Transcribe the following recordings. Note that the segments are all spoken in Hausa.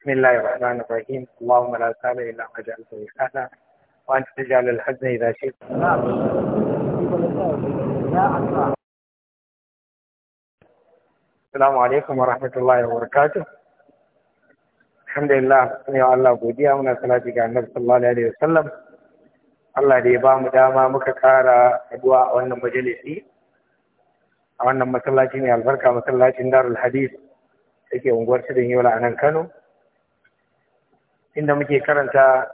بسم الله الرحمن الرحيم اللهم لا سهل إلا ما جعلته سهلا وأنت تجعل الحزن إذا شئت السلام عليكم ورحمة الله وبركاته الحمد لله ne wa Allah godiya muna salati ga Annabi sallallahu alaihi wasallam Allah da ya ba mu dama muka kara addu'a a wannan majalisi a wannan masallaci ne albarka masallacin Darul Hadith yake unguwar Tudun Yola a nan Kano inda muke karanta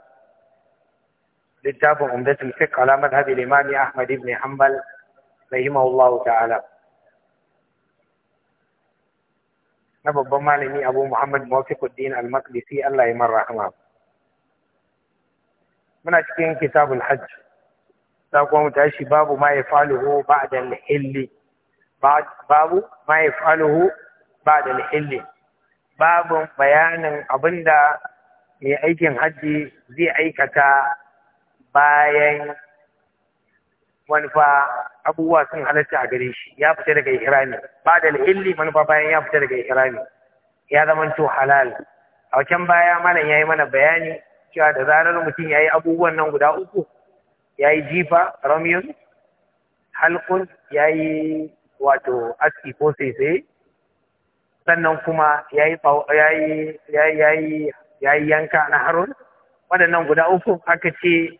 littafin umdatul fiqh ala madhhab al-imam Ahmad ibn Hanbal rahimahullah ta'ala na babban malami Abu Muhammad Muwafiquddin al-Maqdisi Allah ya marhama muna cikin kitabul hajj za kuma mu tashi babu ma ya faluhu ba'da al-hilli babu ma ya faluhu ba'da al-hilli babun bayanin abinda mai aikin hajji zai aikata bayan manufa abubuwa sun halatta a gare shi ya fita daga ihrami ba da illi manufa bayan ya fita daga ihrami ya zama zamanto halal a wacan baya ya yayi mana bayani cewa da zarar mutum yayi abubuwan nan guda uku yayi jifa ramyun halqun yayi wato aski ko sai sannan kuma yayi yayi ya yi yanka na harun waɗannan guda uku aka ce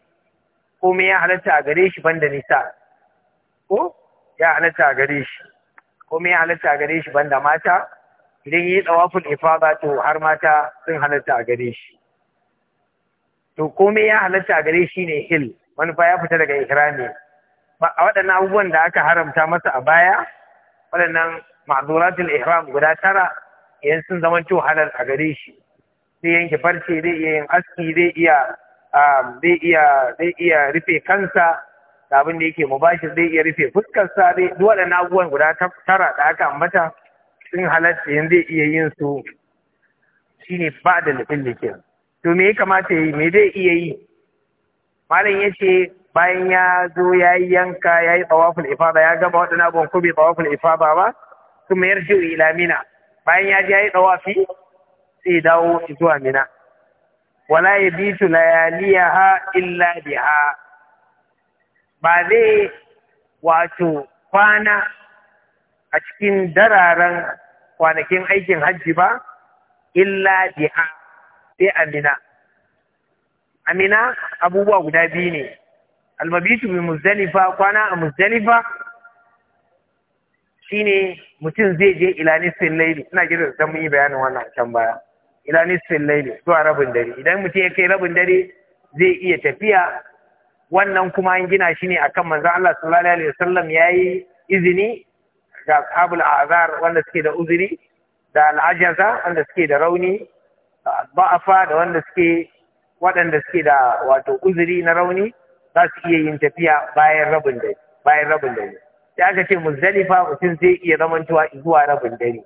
komai ya halatta a gare shi banda nisa ko ya halatta a gare shi komai ya halatta a gare shi banda mata idan yi tsawafin ifada to har mata sun halatta a gare shi to komai ya halatta a gare shi ne hil manufa ya fita daga ihrami a waɗannan abubuwan da aka haramta masa a baya waɗannan ma'azuratun ihram guda tara idan sun zama cewa halal a gare shi zai yanke farce zai iya yin aski zai iya um, zai iya zai iya rufe kansa da abin da yake mubashir zai iya rufe fuskarsa dai duk waɗannan abubuwan guda tara da aka ambata sun halatta yanzu zai iya yin su shine ba da lafin ke. to me ya kamata yi me zai iya yi malam ya ce bayan ya zo ya yi yanka ya yi tsawafin ifada ya gaba waɗannan abubuwan ko bai ifada ba kuma yarjiu ila mina bayan ya je ya yi tsawafi sai dawo zuwa mina wala layaliya ha illa biha ba zai wato kwana a cikin dararen kwanakin aikin hajji ba illa biha sai amina amina abubuwa guda biyu ne almabitu bi muzdalifa kwana a muzdalifa shine mutum zai je ila nisfin laili ina jira da mun yi bayanin wannan can baya ila nisfin laili zuwa rabin dare idan mutum ya kai rabin dare zai iya tafiya wannan kuma an gina shi ne akan manzon Allah sallallahu alaihi wasallam yayi izini ga ashabul azar wanda suke da uzuri da al'ajaza wanda suke da rauni ba'afa da wanda suke waɗanda suke da wato uzuri na rauni za su iya yin tafiya bayan rabin dare bayan rabin dare sai aka ce muzdalifa mutum zai iya zamantuwa zuwa rabin dare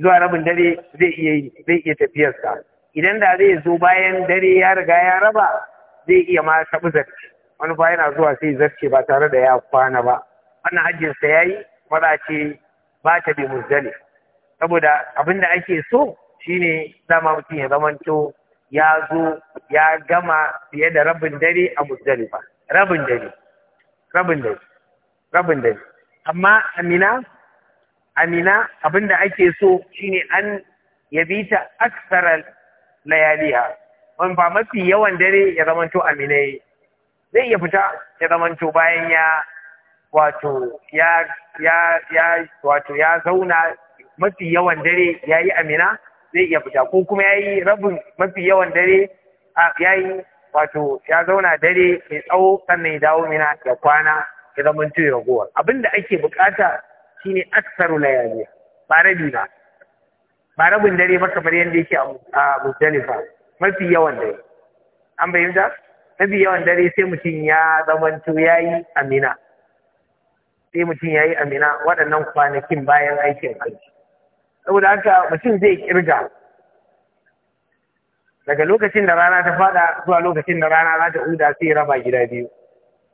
zuwa rabin dare zai iya zai iya tafiyarsa idan da zai zo bayan dare ya riga ya raba zai iya ma tabi zarce wani ba yana zuwa sai zarce ba tare da ya kwana ba wannan hajjin sa yayi maza ce ba ta bi muzdali saboda abin da ake so shine zama mutum ya zamanto ya zo ya gama fiye da rabin dare a ba. rabin dare rabin dare rabin dare amma amina amina abinda ake so shine an ta aksara layaliha wani ba mafi yawan dare ya zamanto aminai zai iya fita ya zamanto bayan ya wato ya ya ya wato ya zauna mafi yawan dare ya yi amina zai iya fita ko kuma ya yi rabin mafi yawan dare ya yi wato ya zauna dare mai tsawo sannan ya dawo mina ya kwana ya zamanto ya ragowar abinda ake bukata ne aksaru layali ba rabi ba ba rabin dare ba kamar yadda yake a Muzdalifa mafi yawan dare an bayyana mafi yawan dare sai mutum ya zamanto yi amina sai mutum ya yi amina waɗannan kwanakin bayan aikin kanci saboda haka mutum zai kirga daga lokacin da rana ta fada zuwa lokacin da rana za ta huda sai raba gida biyu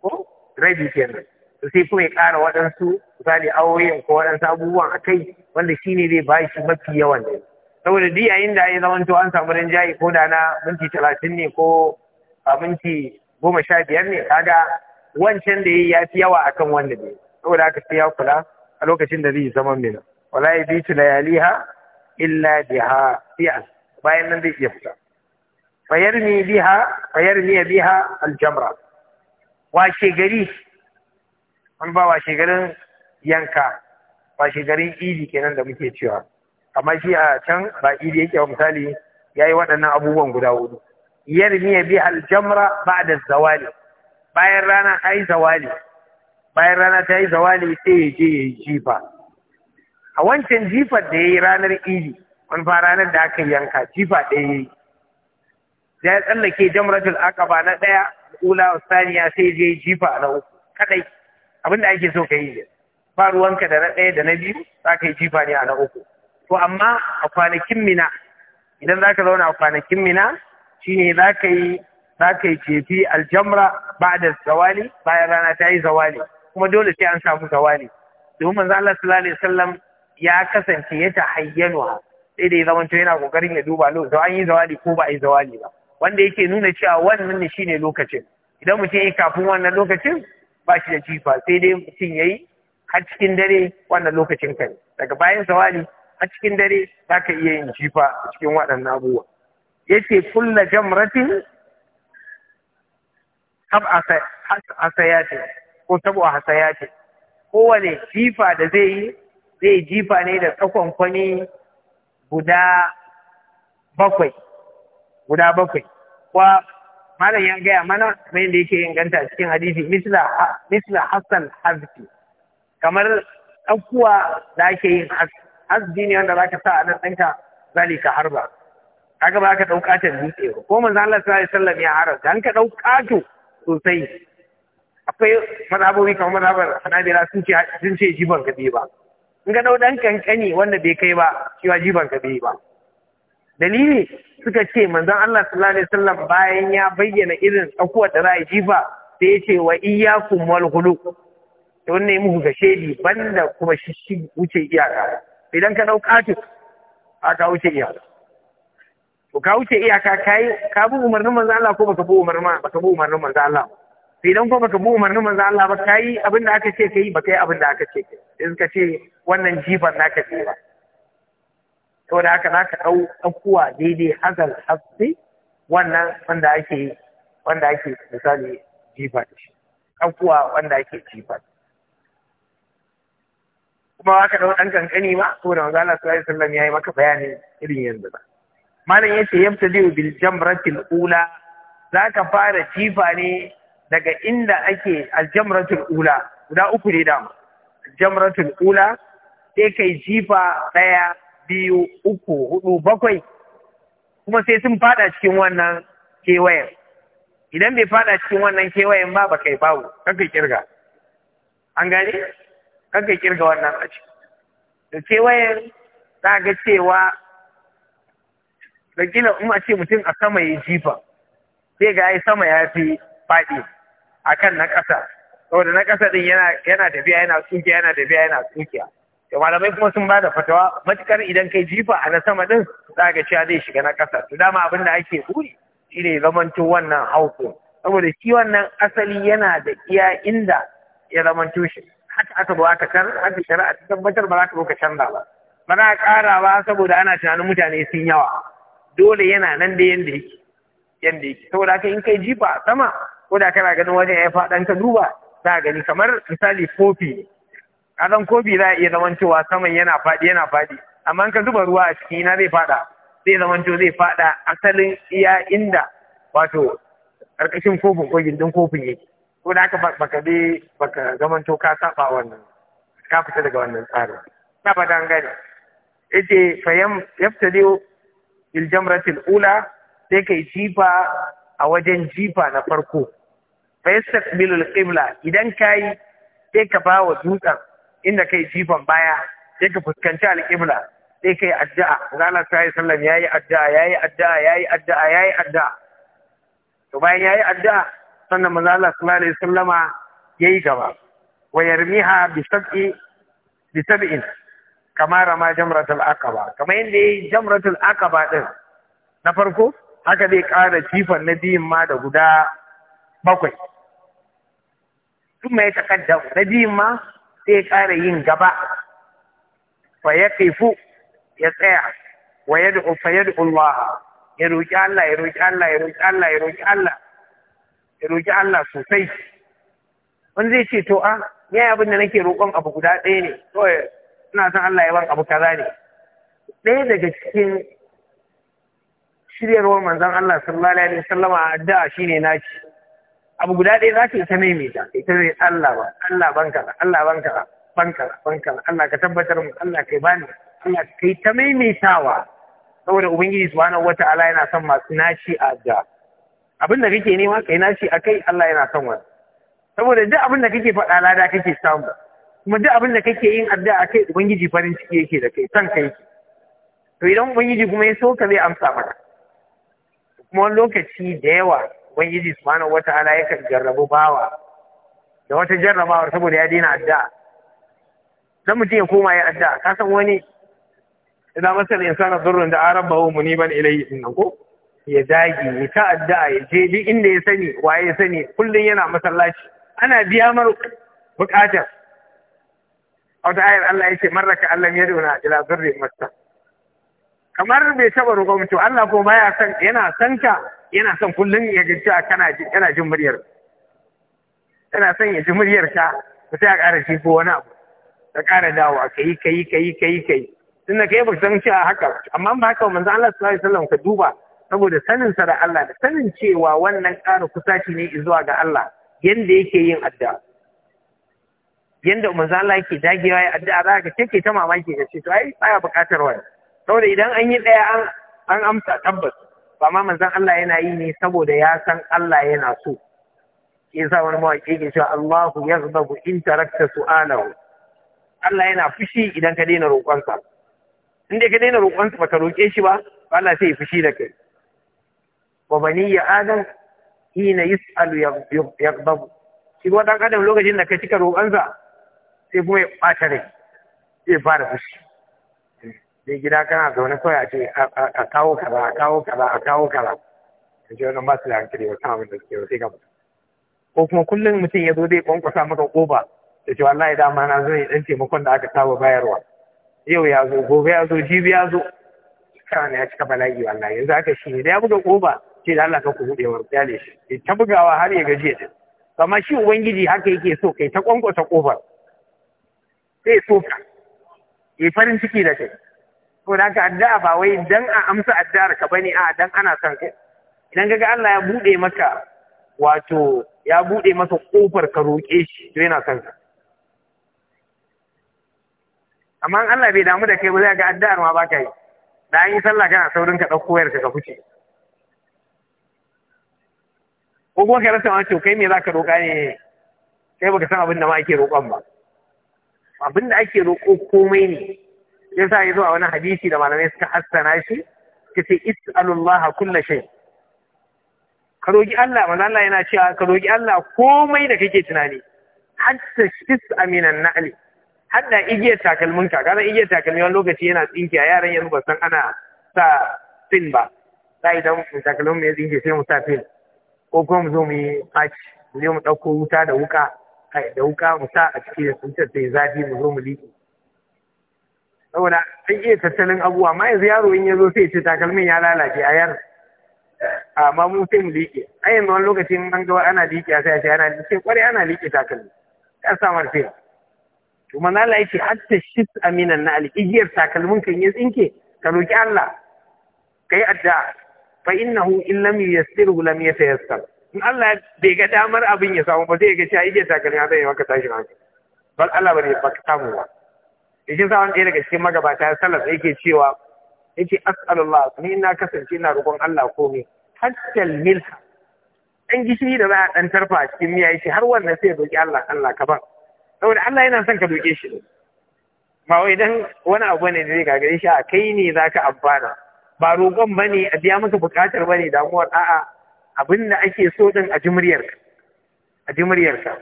ko rabi kenan sai kuma ya ƙara waɗansu misali awoyin ko waɗansu abubuwan a kai wanda shi ne zai ba shi mafi yawan da saboda duk yayin da ya zama an samu rinjaye ko da na minti talatin ne ko a minti goma sha biyar ne kaga wancan da ya fi yawa akan wanda ne saboda haka sai ya kula a lokacin da zai zama mina wala ya bi layaliha illa biha fi'a bayan nan zai iya fita Fayar fayarmi biha fayarmi biha aljamra washe gari an ba wa garin yanka ba garin idi kenan da muke cewa amma shi a can ba idi yake wa misali ya yi waɗannan abubuwan guda hudu yarmi ya bi aljamra ba da zawali bayan rana ta yi zawali bayan rana ta yi zawali sai ya je ya yi jifa a wancan jifar da ya yi ranar idi wani fa ranar da aka yanka jifa ɗaya ya yi ya tsallake jamratul aqaba na ɗaya ula saniya sai je jifa na uku kadai abin da ake so ka yi ba ruwanka da na ɗaya da na biyu za ka yi jifa ne a na uku to amma a kwanakin mina idan za ka zauna a kwanakin mina shine za ka za ka yi jefi aljamra ba da zawali bayan rana ta yi zawali kuma dole sai an samu zawali domin manzo Allah sallallahu alaihi wasallam ya kasance ya tahayyanu sai da ya zamanto yana kokarin ya duba lokacin an yi zawali ko ba a yi zawali ba wanda yake nuna cewa wannan ne shine lokacin idan mutum ya kafin wannan lokacin ba shi da jifa sai dai mutum ya yi har cikin dare wannan lokacin ka daga bayan sawali har cikin dare za ka iya yin jifa a cikin waɗannan abubuwa yace kulla jamratin sab asayati ko sabo hasayati kowane jifa da zai yi zai jifa ne da tsakon kwani guda bakwai guda bakwai kwa malam ya gaya mana mai da yake inganta cikin hadisi misla misla hasan hazbi kamar ɗaukuwa da ake yin hazbi ne wanda zaka sa a nan ɗanka zalika harba kaga ba ka ɗauka ta dutse ko manzo Allah sallallahu alaihi wasallam ya haramta dan ka ɗauka to sosai akwai mazhabobi kamar mazhabar Hanabila sun ce sun ce jiban ka ba in ka ɗau ɗan kankani wanda bai kai ba cewa jiban ka ba dalili suka ce manzon Allah sallallahu alaihi wasallam bayan ya bayyana irin tsakuwar da za'a a jifa sai ya ce wa iyyakum wal hudu? to wannan muku ga shedi banda kuma shi wuce iyaka idan ka dauka ta aka wuce iyaka to ka wuce iyaka kai ka bi umarnin manzon Allah ko baka bi umarnin baka bi umarnin manzon Allah sai idan ko baka bi umarnin manzon Allah ba kai abin da aka ce kai ba kai abin da aka ce kai sai suka ce wannan jifan naka ce ba to da haka zaka dau tsakuwa daidai hazal hafsi wannan wanda ake wanda ake misali jifa shi tsakuwa wanda ake jifa kuma aka dau dan kankani ma to da manzo Allah sallallahu alaihi wasallam yayi maka bayanin irin yanzu ba malam yace yabtadi bil jamratil ula zaka fara jifa ne daga inda ake aljamratul ula guda uku ne mu jamratul ula sai kai jifa ɗaya biyu, uku, hudu, bakwai, kuma sai sun fada cikin wannan kewayen. Idan bai fada cikin wannan kewayen ba ba kai babu, kakai kirga. An gane? Kakai kirga wannan a ciki. Da kewayen za ga cewa da gina in a ce mutum a sama ya jifa, sai ga ai sama ya fi faɗi a kan na ƙasa. Saboda na ƙasa ɗin yana tafiya yana tsukiya yana tafiya yana tsukiya. da malamai kuma sun ba da fatawa matukar idan kai jifa a na sama din za ga cewa zai shiga na ƙasa to dama abin da ake buri shine zamanto wannan hauko saboda shi wannan asali yana da iya inda ya zamanto shi haka aka ba ka can haka shari'a ta tabbatar ba za ka zo ka canza ba ba za ka ƙara ba saboda ana tunanin mutane sun yawa dole yana nan da yanda yake yanda yake saboda haka in kai jifa a sama ko da kana ganin wajen ya faɗan ka duba za a gani kamar misali kofi ne ɗan kofi za a iya zaman cewa saman yana faɗi yana faɗi amma in ka zuba ruwa a ciki na zai faɗa zai zaman cewa zai faɗa asalin iya inda wato ƙarƙashin kofin ko gindin kofin yake ko da haka baka bi baka zaman cewa ka saba wannan ka fita daga wannan tsarin na fata an gane yace fayam yaftadiu bil jamratil ula sai kai jifa a wajen jifa na farko fa yastaqbilul qibla idan kai sai ka ba wa dutsen inda kai jifan baya sai ka fuskanci alƙibla sai kai addu'a ranar sai sallam yayi addu'a yayi addu'a yayi addu'a yayi addu'a to bayan yayi addu'a sannan manzo Allah sallallahu alaihi wasallama yayi gaba wa yarmiha bi sab'i bi sab'in kama rama jamratul aqaba kamar ya yayi jamratul aqaba din na farko haka zai ƙara jifan na biyun ma da guda bakwai Tun mai takaddamu na نديم ma sai ya ƙara yin gaba fa ya kaifu ya tsaya wa ya da'u fa ya Allah ya roƙi Allah ya roƙi Allah ya roƙi Allah ya roƙi Allah ya roƙi Allah sosai wani zai ce to a ah, ya yi abin da nake roƙon abu guda ɗaya ne kawai ina son Allah ya ban abu kaza ne ɗaya daga cikin shiryarwar manzon Allah sallallahu alaihi wasallama addu'a shine naci abu guda ɗaya za ka yi ta maimaita ita ne Allah ba Allah banka ba Allah banka ba banka ba banka ba Allah ka tabbatar mu Allah kai bani Allah kai ta maimaitawa saboda ubangiji subhanahu wata'ala yana son masu nashi a ga abin da kake nema kai nashi kai, Allah yana son wani saboda duk abin da kake faɗa lada kake samu kuma duk abin da kake yin addu'a kai, ubangiji farin ciki yake da kai son kai to idan ubangiji kuma ya so ka zai amsa maka kuma wani lokaci da yawa ubangiji subhanahu wata'ala yakan jarrabu bawa da wata jarrabawar saboda ya daina addu'a dan mutum ya koma ya addu'a ka san wani idan masal insana durrun da arabahu muniban ilayhi innan ko ya dage ya ta adda ya je duk inda ya sani waye ya sani kullum yana masallaci ana biya mar bukatar a wata ayar Allah ya ce marraka Allah ya na ila zurri masta kamar bai taba roƙon mutum Allah ko baya san yana san ka yana son kullum ya ji cewa kana jin yana jin muryar kana son ya ji muryar ka ku sai a ƙara shi ko wani abu ka ƙara dawowa kai kai kai kai kai tunda kai baka san cewa haka amma ba haka manzo Allah sallallahu alaihi wasallam ka duba saboda sanin sa da Allah da sanin cewa wannan ƙara kusaci ne zuwa ga Allah yanda yake yin addu'a yanda manzo Allah yake dagewa ya addu'a za ka take ta mamaki ka ce to ai baya buƙatar wani saboda idan an yi ɗaya an amsa tabbas ba ma manzan Allah yana yi ne saboda ya san Allah yana so sa wani mawaƙi ke cewa Allahu ku in tarakta su'alahu Allah yana fushi idan ka daina roƙonsa in dai ka daina roƙonsa ba ka roƙe shi ba ba Allah sai ya fushi da kai wa ya adam hina yus'alu yaghdabu shi kuma dan adam lokacin da ka cika roƙonsa sai kuma ya ɓata rai sai fara fushi sai gida kana zaune kawai a ce a kawo kaza a kawo kaza a kawo kaza in ji wani masu da hankali ba kan abin da suke sai ka mutu ko kuma kullum mutum ya zo zai kwankwasa maka koba da ce wallahi dama na zo ɗan taimakon da aka saba bayarwa yau ya zo gobe ya zo jibi ya zo kana ya cika bala'i wallahi yanzu aka shi ne da ya buga koba ce da Allah ka ku buɗe wa kyale shi ta bugawa har ya gaji ya amma shi ubangiji haka yake so kai ta kwankwasa kofar sai so ka yi farin ciki da kai Kuna da ka addu'a ba wai dan a amsa addu'ar ka bane a dan ana son kai idan kaga Allah ya bude maka wato ya bude maka kofar ka roƙe shi to yana son ka amma Allah bai damu da kai ba zai ga addu'ar ma baka yi da an yi sallah kana saurin ka ɗauko wayar ka fice ko kuma ka rasa wani kai me zaka roƙa ne kai baka san abin da ma ake roƙon ba abin da ake roƙo komai ne yasa yazo a wani hadisi da malamai suka hassana shi kace is'alullaha kulla shay ka roki Allah manzo Allah yana cewa ka roki Allah komai da kake tunani hatta shis aminan na'li hatta igiyar takalminka kaga igiyar takalmi wani lokaci yana tsinki, a yaran yanzu ba san ana sa fin ba sai idan takalmin mai tsinke sai mu sa fin ko kuma mu zo mu yi patch mu je mu ɗauko wuta da wuka da wuka mu sa a cikin tsintar sai zafi mu zo mu liƙe saboda an iya tattalin abuwa. ma yanzu yaro in ya zo sai ce takalmin ya lalace a yar amma mu sai mu liƙe a yanzu wani lokacin an ga ana liƙe sai a ce ana liƙe kwarai ana liƙe takalmi ya sa marfiya to manzo Allah yake hatta shit aminan na al igiyar takalmin kan ya tsinke ka roki Allah kai addu'a fa innahu in lam yassirhu lam yatayassar in Allah bai ga damar abin ya samu ba zai ga cewa igiyar takalmin a zai maka tashin hankali bal Allah ba baka samu ba yake sa wanda daga cikin magabata salaf yake cewa yake as'alullah ni ina kasance ina roƙon Allah komai hatta milha dan gishiri da za a dan tarfa cikin miya yace har wannan sai roƙi Allah Allah ka ban saboda Allah yana son ka roƙe shi ba wai dan wani abu ne da zai gagare shi a kai ne zaka amfana ba roƙon bane a biya maka buƙatar bane damuwar a'a abinda ake so din a jimriyarka a jimriyarka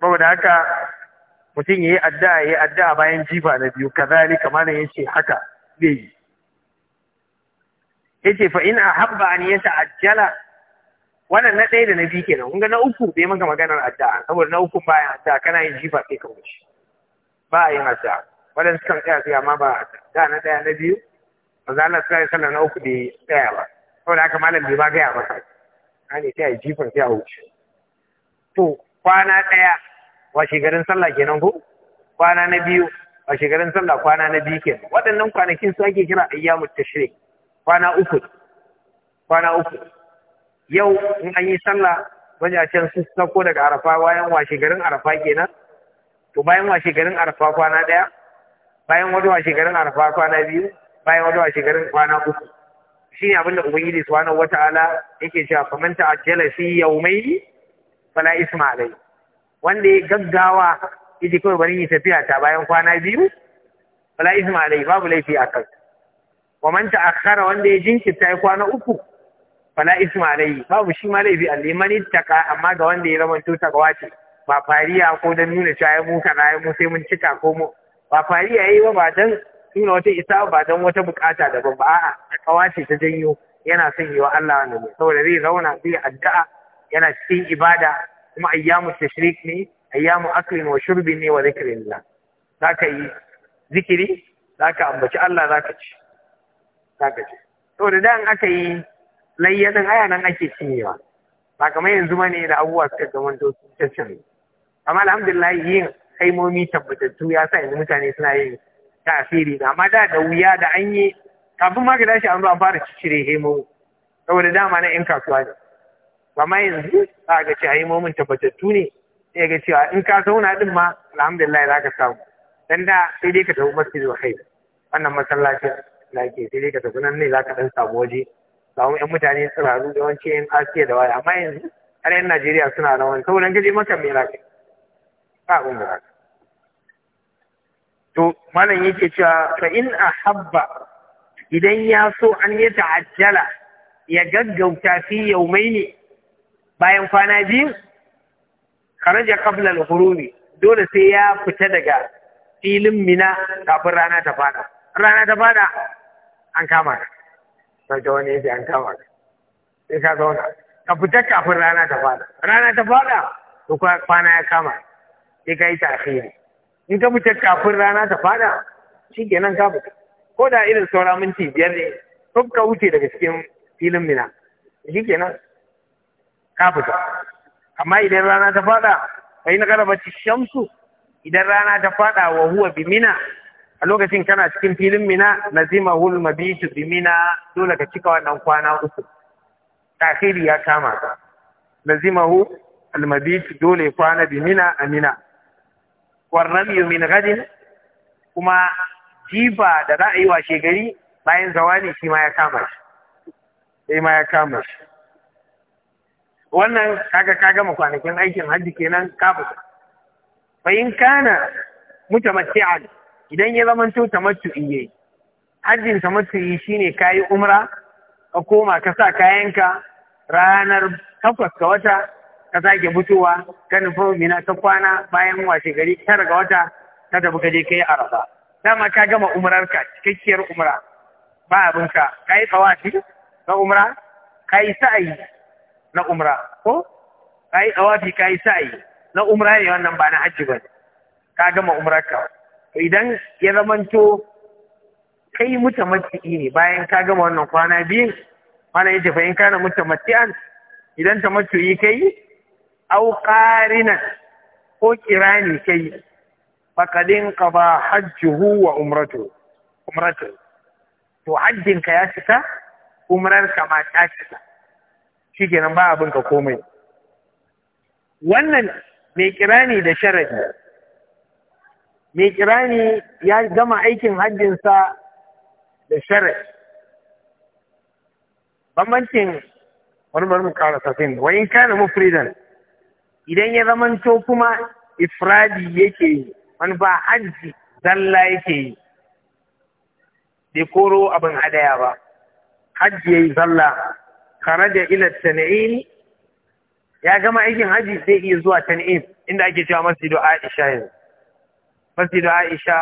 saboda haka mutum ya yi addu'a ya yi addu'a bayan jifa na biyu kazalika ya ce haka zai yi Ya yace fa in ahabba an yata'ajjala wannan na ɗaya da na biyu kenan kun na uku bai maka maganar addu'a saboda na uku bayan addu'a kana yin jifa sai ka wuce ba a yin addu'a wadan sukan tsaya sai amma ba addu'a da na ɗaya na biyu manzo Allah sallallahu alaihi wasallam na uku bai tsaya ba saboda haka malam bai ba gaya ba. maka ne sai a yi jifan sai a wuce to kwana ɗaya washe garin sallah kenan ko kwana na biyu washe garin sallah kwana na biyu kenan waɗannan kwanakin su ake kira ayyamut tashrik kwana uku kwana uku yau in an yi sallah can su sako daga arafa bayan washe garin arafa kenan to bayan washe garin arafa kwana ɗaya bayan wata washe garin arafa kwana biyu bayan wata washe garin kwana uku shi ne abinda ubangiji subhanahu wata'ala yake cewa faman ta'ajjala fi yawmayni fala isma alayhi wanda ya gaggawa yace kawai bari yi tafiya ta bayan kwana biyu wala isma alai babu laifi a kan wa man ta'akhkhara wanda ya jinkirta ya kwana uku wala isma alai babu shi ma laifi alliman ittaka amma ga wanda ya zama tuta gawace ba fariya ko dan nuna cewa ya muka na ya mu sai mun cika ko mu ba fariya yayi ba ba dan nuna wata isa ba dan wata bukata da babba a'a wace ta janyo yana son yi wa Allah wannan saboda zai zauna zai addu'a yana cikin ibada kuma ayyamu tashrik ne ayyamu akli wa shurbi ne wa zikrillah zaka yi zikiri zaka ambaci Allah zaka ci zaka ci to da dan aka yi layyanin aya nan ake cinyewa ba kamar yanzu bane da abubuwa suka zamanto sun cancan amma alhamdulillah yin kaimomi tabbatattu ya sa yanzu mutane suna yin tasiri da amma da da wuya da an yi kafin ma ka dashi an zo an fara cire hemo saboda dama na yan kasuwa ne amma yanzu za ga ce yi momin tabbatattu ne sai ga cewa in ka zauna din ma alhamdulillah za ka samu dan da sai dai ka tafi wa khair wannan masallaci na ke sai dai ka tafi nan ne za ka dan samu waje samu yan mutane tsiraru yawanci yan asiya da waya amma yanzu har yan najeriya suna rawan saboda gaje maka me za ka ba abin da to malam yake cewa fa in ahabba idan ya so an ya ta'ajjala ya gaggauta fi yaumaini bayan kwana biyu kharaja qabla al hurumi. dole sai ya fita daga filin mina kafin rana ta fada rana ta fada an kama ka sai ta wani yake an kama ka sai ka zauna ka fita kafin rana ta fada rana ta fada to kwana ya kama sai ka yi tafiye. in ka fita kafin rana ta fada ke ka fita ko da irin saura minti biyar ne ko ka wuce daga cikin filin mina shi nan. ka fita amma idan rana ta fada na in ci shamsu idan rana ta fada wa huwa bi mina a lokacin kana cikin filin mina Nazima Hul, mabitu bi mina dole ka cika wannan kwana uku takhiri ya kama ka hu al-mabitu dole kwana bi mina amina warramiyu min gadin kuma jifa da za a yi washe gari bayan zawani shi ma ya kama shi sai ma ya kama shi wannan kaga ka gama kwanakin aikin hajji kenan ka fita fa in kana mutamatti'an idan ya zama to tamattu'i iye hajjin tamattu'i shine kayi umra ka koma ka sa kayanka ranar takwas ga wata ka sake fitowa ka nufi mina ta kwana bayan washe gari tara ga wata ka tafi ka je kai arafa dama ka gama umrar ka cikakkiyar umra ba abinka ka yi tsawafi ka umra ka yi sa'ayi na umra ko kai awafi kai sa'i na umra ne wannan ba na hajji ba ka gama ka to idan ya zamanto kai mutamatti ne bayan ka gama wannan kwana biyu mana yace fa in kana mutamatti'an idan yi kai au qarina ko kirani kai faqadin qaba hajjuhu wa umratu umratu to hajjinka ya cika ka ma ta cika shi kenan ba abin ka komai wannan mai kirani da sharadi mai kirani ya gama aikin hajjinsa da sharadi bambancin wani bari mu kara safin wa in kana idan ya to kuma ifradi yake yi wani ba hajji zalla yake yi bai koro abin hadaya ba hajji yi zalla kharaja ila tan'im ya gama aikin haji sai iya zuwa tan'im inda ake cewa masu masjidu Aisha yanzu masjidu Aisha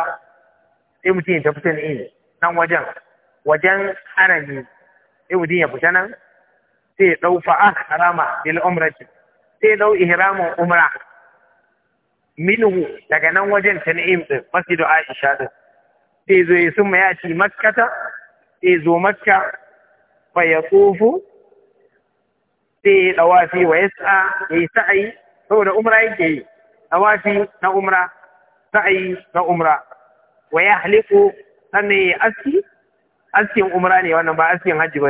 sai mutum ya tafi tan'im nan wajen wajen harami sai mutum ya fita nan sai ya dau fa'a harama bil umrati sai ya dau ihramin umra minhu daga nan wajen tan'im din masjidu Aisha din sai zo ya summa ya ci makkata sai zo makka fa ya tsofu sai ya ɗawafi wa ya yi sa’ayi saboda umra yake yi ɗawafi na umra sa’ayi na umra wa Haliku sannan ya aski askin umra ne wannan ba askin hajji ba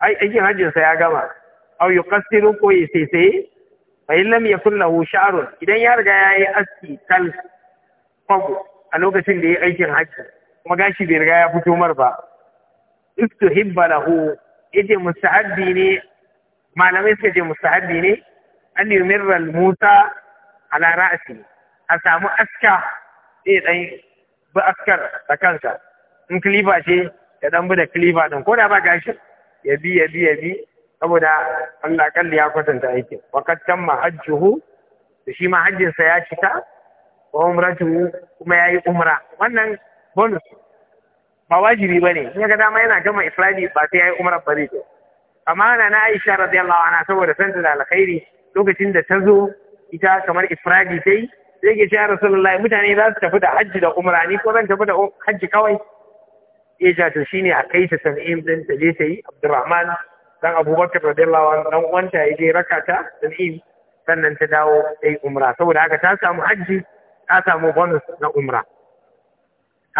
ai aikin hajjinsa ya gama yi yuqassiru ko ya sai sai fa lam yakun lahu sha'arun idan ya riga ya yi aski kal fagu a lokacin da ya yi aikin hajji kuma gashi bai riga ya fito mar ba istuhibba lahu ita mustahabbi ne malamai suka ce mustahabi ne an yi mirar musa ala ra'asi. a samu aska ɗaya dan bi askar da kansa in kilifa ce ya ɗan bi da kilifa din ko da ba gashi ya bi ya bi ya bi saboda Allah kalli ya kwatanta aikin waqad tamma hajjuhu da shi ma hajjinsa ya cika wa umratu kuma ya yi umra wannan bonus ba wajibi ne in ga dama yana gama ifradi ba sai ya yi umra ba zai amma na Aisha radiyallahu anha saboda ta da alkhairi lokacin da ta zo ita kamar ifradi tai sai ke ce ya rasulullahi mutane za su tafi da hajji da umra ni ko zan tafi da hajji kawai Ya ja to shine a kai ta san'im din ta je ta yi Abdurrahman dan Abubakar radiyallahu anhu dan uwanta ya je rakata san'im sannan ta dawo ta yi umra saboda haka ta samu hajji ta samu bonus na umra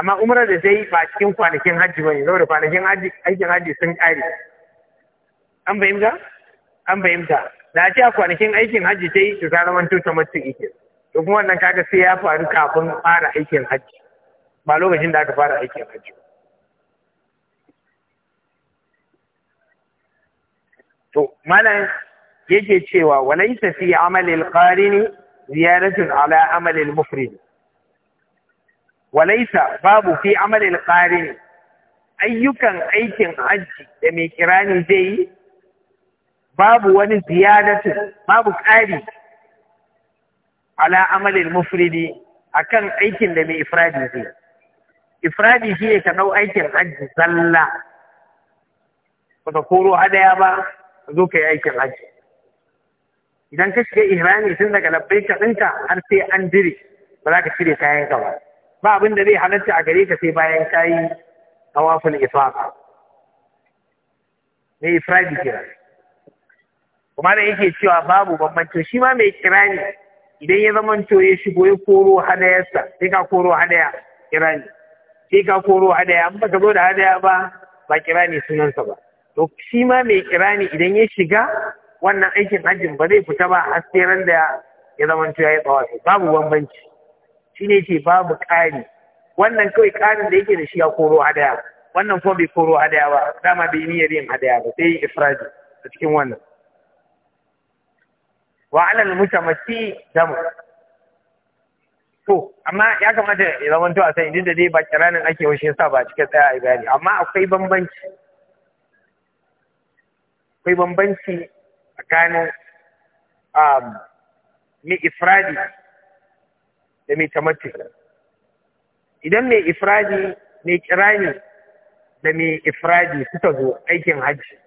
amma umra da ta yi ba cikin kwanakin hajji bane saboda kwanakin hajji aikin hajji sun kare an fahimta an fahimta da a ce a kwanakin aikin hajji ta yi su ta zama to tamattu ike to kuma wannan kaga sai ya faru kafin fara aikin hajji ba lokacin da aka fara aikin hajji to malam yake cewa walaysa fi amalil qarini ziyaratun ala amalil mufrid walaysa babu fi amalil ne. ayyukan aikin hajji da mai kirani zai yi babu wani ziyadatin babu ƙari ala amalin mufridi akan aikin da mai ifradi zai ifradi shi ne ka aikin hajji zalla ka koro hadaya ba zo ka yi aikin hajji idan ka shiga ihrami tun daga labbai ka ɗinka har sai an dire ba za ka cire kayan ka ba ba abin da zai halatta a gare ka sai bayan ka yi tawaful mai ifradi kira kuma da yake cewa babu bambanci shi ma mai kirani idan ya zama to ya shigo ya koro hadayarsa sai ka koro hadaya kirani sai ka koro hadaya an ka zo da hadaya ba ba kirani sunansa ba to shi ma mai kirani idan ya shiga wannan aikin hajjin ba zai fita ba a sai ran da ya zama to ya yi tsawafi babu bambanci shi ne ce babu ƙari wannan kawai ƙarin da yake da shi ya koro hadaya wannan ko bai koro hadaya ba dama bai niyyar yin hadaya ba sai ifradi a cikin wannan wa alal mutamatti damu to amma ya kamata ya zama to a san inda dai ba kiranin ake washe sa ba cika tsaya a bayani amma akwai bambanci akwai bambanci tsakanin um, mai ifradi da mai tamatti idan mai ifradi mai kirani da mai ifradi suka zo aikin hajji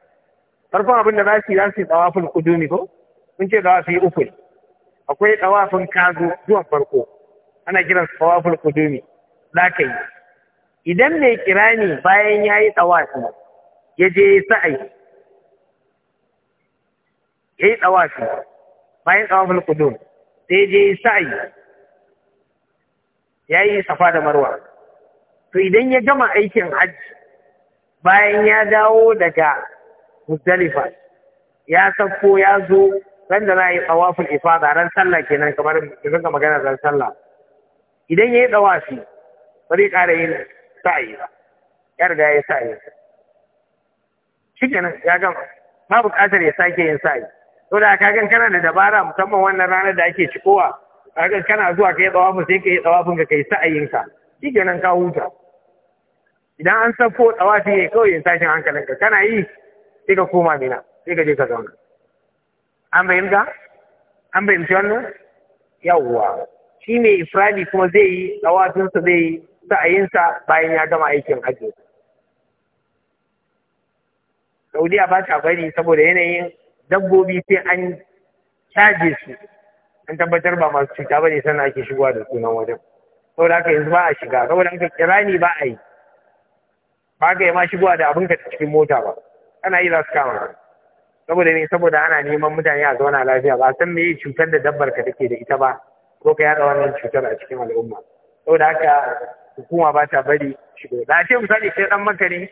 farkon abin da za su yi za su yi tsawafin kudumi ko mun ce dawafi uku ne akwai dawafin kazo zuwan farko ana kiran su dawaful kudumi za ka yi idan mai kirani bayan ya yi dawafi ya je sa'ai ya yi dawafi bayan dawaful kudum sai je ya sa'ai ya yi safa da marwa to idan ya gama aikin hajji bayan ya dawo daga Muzdalifa ya sauko ya zo ran da na yi tsawafin ifada ran sallah kenan kamar da zanga magana ran sallah idan ya yi tsawafi ba zai ƙara yin sa'ayi ba ya riga ya yi sa'ayi shi kenan ya gama ba buƙatar ya sake yin sa'ayi to da kagan kana da dabara musamman wannan ranar da ake cikowa kagan kana zuwa ka yi tsawafin sai ka yi tsawafin ka kai sa'ayinka shi kenan ka huta idan an sako tsawafi ne kawai yin tashin hankalinka kana yi sai ka koma mina sai ka je ka zauna an fahimta an fahimci wannan yawwa shi ne ifradi kuma zai yi tsawatinsa zai yi sa'ayinsa bayan ya gama aikin hajji saudiya ba ta bari saboda yanayin dabbobi sai an caje su an tabbatar ba masu cuta ba ne sannan ake shigowa da sunan wajen saboda haka yanzu ba a shiga saboda haka kirani ba a yi ba ka yi ma shigowa da abinka cikin mota ba ana yi za su kama saboda ne saboda ana neman mutane a zauna lafiya ba san me cutar da dabbar ka take da ita ba ko ka yada wannan cutar a cikin al'umma saboda haka hukuma ba ta bari shigo da ce misali kai dan maka ne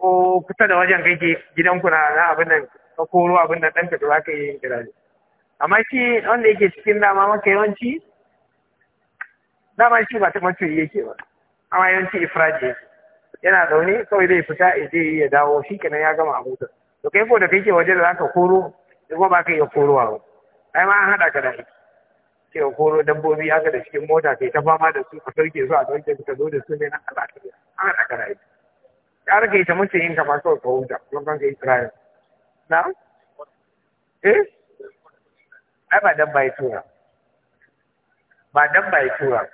ko kusa da wajen kake gidanku na na abin nan ka koro abin nan dan ka da zaka yi kirari amma shi wanda yake cikin dama maka yawanci dama shi ba ta mace yake ba amma yawanci ifraji yana zaune kawai zai fita ya je ya dawo shi kenan ya gama a motar to kai ko da kai ke waje da zaka koro ko ba ka iya korowa ba ai ma an hada ka da aiki ke koro dabbobi haka da cikin mota kai ta fama da su a sauke su a sauke su ka zo da su ne na Allah ka an hada ka da aiki Ya kai ta mace yin kamar sau ka huta don kan kai Israel na eh ai ba dabba ya tura ba dabba ya tura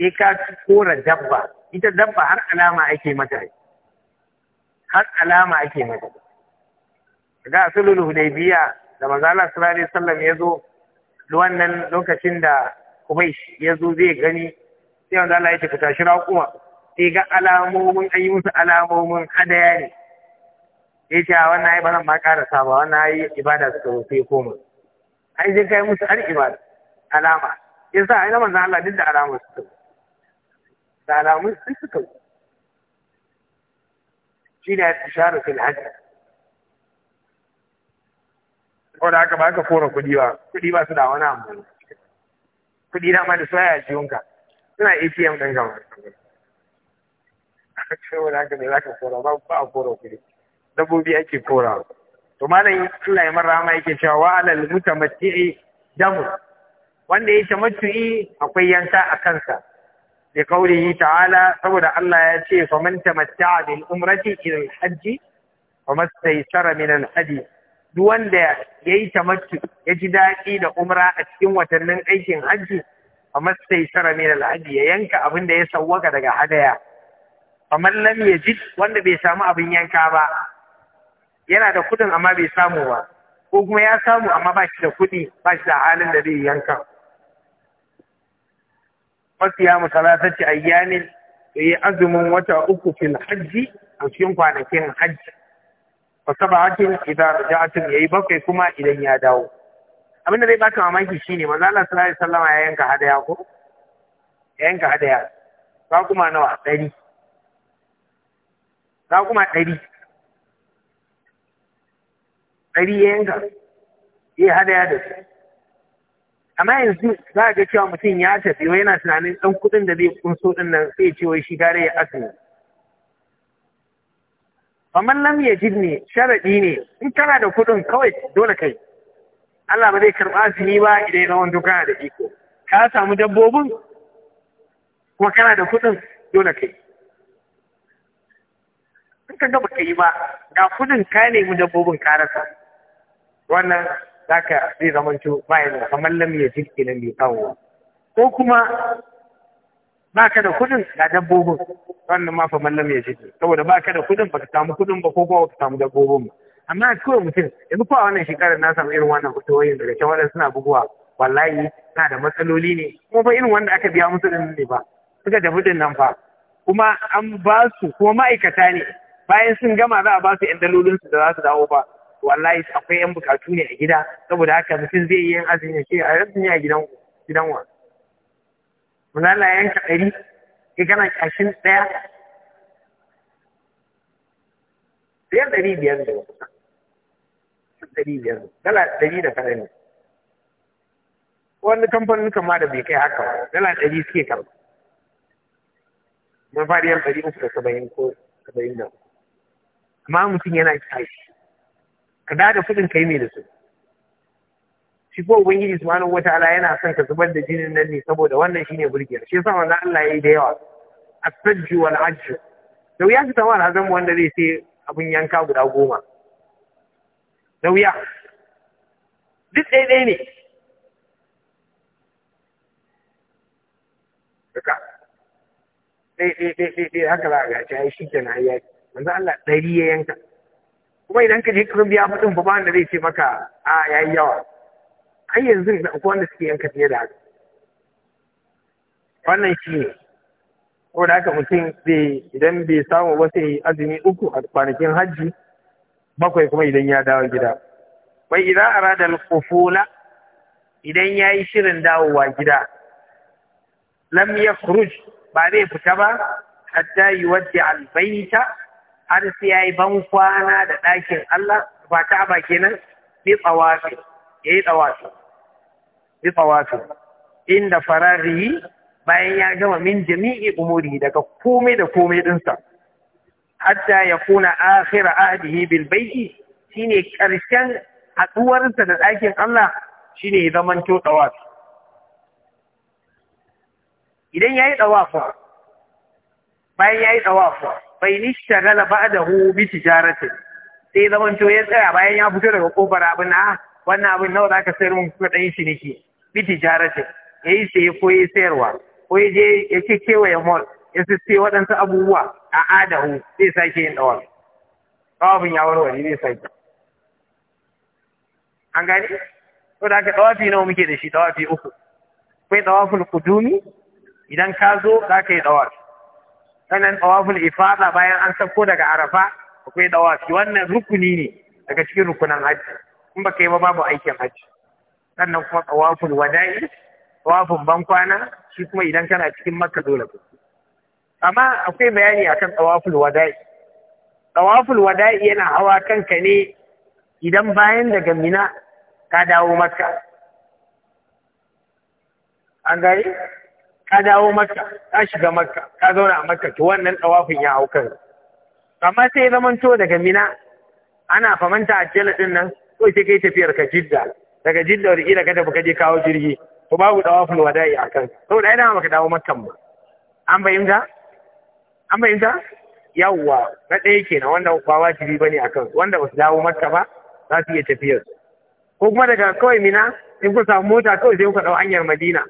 sai ka kora dabba ita dabba har alama ake mata yi. har alama ake mata ga asulul hudaybiya da manzo Allah sallallahu alaihi wasallam ya zo wannan lokacin da Quraysh ya zo zai gani sai manzo Allah ya ce fita shi raƙuma sai ga alamomin an yi musu alamomin hadaya ne ya ce a wannan ai ba zan ma karasa ba wannan ai ibada su zo sai koma ai zai kai musu har ibada alama yasa ai na manzo Allah duk da alamun su da alamun su suka shine al-ishara fil hajj ko da haka ba ka kora kuɗi ba kuɗi ba su da wani amfani kuɗi na ma da soyayya jiwonka suna ATM ɗin gama saboda haka ne za ka kora ba ba a kora kuɗi dabbobi ake kora to malam Allah ya marrama yake cewa wa alal mutamatti'i damu wanda ya tamattu'i akwai yanka a kansa da kaurihi ta'ala saboda Allah ya ce fa man tamatta'a bil umrati ila al hajj mastaysara min al hadi duk wanda yayi tamattu ya ji daɗi da umra a cikin watannin aikin hajji fa mastaysara min al hadi ya yanka abin da ya sawwaka daga hadaya fa man lam yajid wanda bai samu abin yanka ba yana da kudin amma bai samu ba ko kuma ya samu amma ba shi da kudi ba shi da halin da zai yanka masiya salatati ayyamin da yi azumin wata uku fil hajji a cikin kwanakin hajji wa sab'atin idza raja'atun yayi bakwai kuma idan ya dawo abinda zai baka mamaki shine manzo Allah sallallahu alaihi wasallam ya yanka hadaya ko ya yanka hadaya ba kuma nawa dari ba kuma dari dari ya yanka ya hadaya da su amma yanzu za a ga cewa mutum ya tafi wai yana tunanin ɗan kuɗin da zai kunso ɗin nan sai ce wai shi gare ya asini amma lam ya ne sharaɗi ne in kana da kuɗin kawai dole kai Allah ba zai karɓa su ba idan yana wanda kana da iko ka samu dabbobin kuma kana da kuɗin dole kai in ka gaba ka yi ba ga kuɗin ka nemi dabbobin ka rasa wannan zaka zai zamanto bayan kamar lam ya jiki nan bai kawo ko kuma baka da kudin ga dabbobin wannan ma fa mallam ya jiki saboda baka da kudin baka samu kudin ba ko kuma baka samu dabbobin ba amma kawai mutum yanzu ko wannan shekarar na samu irin wannan fitowoyin daga can waɗansu suna buguwa wallahi na da matsaloli ne kuma ba irin wanda aka biya musu din ne ba suka da din nan fa kuma an ba su kuma ma'aikata ne bayan sun gama za a ba su 'yan dalolinsu da za su dawo ba wallahi akwai yan bukatu ne a gida saboda haka mutum zai yi yin azumi ke a azumi a gidan gidan wa ya yanka ɗari ga gana kashin ɗaya biyar ɗari biyar da kusa ɗari biyar dala ɗari da kaɗan ne wani kamfanin kama da bai kai haka ba dala ɗari suke karɓa yan ɗari uku da saba'in ko saba'in da amma mutum yana kashi ka da da kuɗin kai mai da su shi ko ubangiji subhanahu wataala yana son ka zubar da jinin nan ne saboda wannan shine burgiyar shi yasa manzo Allah yayi da yawa a sajju wal ajju da wuya su tawar hazan wanda zai sai abin yanka guda goma da wuya duk ɗaya ne duka ɗaya ɗaya ɗaya haka za a gaci ai shi kenan ya yi manzo Allah ɗari ya yanka kuma idan ka je ka biya mutum ba wanda zai ce maka a yayi yawa har yanzu da akwai wanda suke yanka fiye da haka wannan shi ne ko da haka mutum zai idan bai samu ba sai azumi uku a kwanakin hajji bakwai kuma idan ya dawo gida wai idan arada al-qufula idan yayi shirin dawowa gida lam yakhruj ba zai fita ba hatta yuwaddi al-baita har sai ya yi ban kwana da ɗakin Allah ba ka'aba kenan bi tsawafi ya yi tsawafi bi tsawafi inda farari bayan ya gama min jami'i umuri daga komai da komai dinsa hatta ya kuna akhira ahdihi bil bayti shine karshen haduwarsa da ɗakin Allah shine zaman to tsawafi idan ya yi tsawafi bayan ya yi tsawafi shagala ba da hu bi tijarati sai zaman to ya tsaya bayan ya fito daga kofar abin a ah, wannan abin nawa zaka sayar mun kuka dan shi nake bi tijarati yayi sai ko yayi sayarwa ko ya je ya ce ya mall ya sai wadansu abubuwa a adahu zai sake yin dawar dawafin ya warware zai sake an gani to da ka dawafi nawa muke da shi dawafi uku akwai dawaful kudumi idan ka zo za ka yi dawafi sannan tawaful ifada bayan an sauko daga arafa akwai tawafi wannan rukuni ne daga cikin rukunan hajji in baka yi ba babu aikin hajji sannan kuma tawaful wada'i tsawafin bankwana shi kuma idan kana cikin makka dole ku amma akwai bayani akan tawaful wada'i tawaful wada'i yana hawa kanka ne idan bayan daga mina ka dawo makka an gari ka dawo makka ka shiga makka ka zauna a makka to wannan tawafin ya hau kan amma sai zamanto daga mina ana famanta a jela din nan ko sai kai tafiyar ka jidda daga jidda wani ila ka tafi ka je kawo jirgi to babu tawafin wada'i a kan saboda ai dama baka dawo makkan ba an fahimta an fahimta yawwa na ɗaya kenan wanda ba wajibi bane a kan wanda ba su dawo makka ba za su iya tafiyar ko kuma daga kawai mina in ku samu mota kawai sai kuka ɗau hanyar madina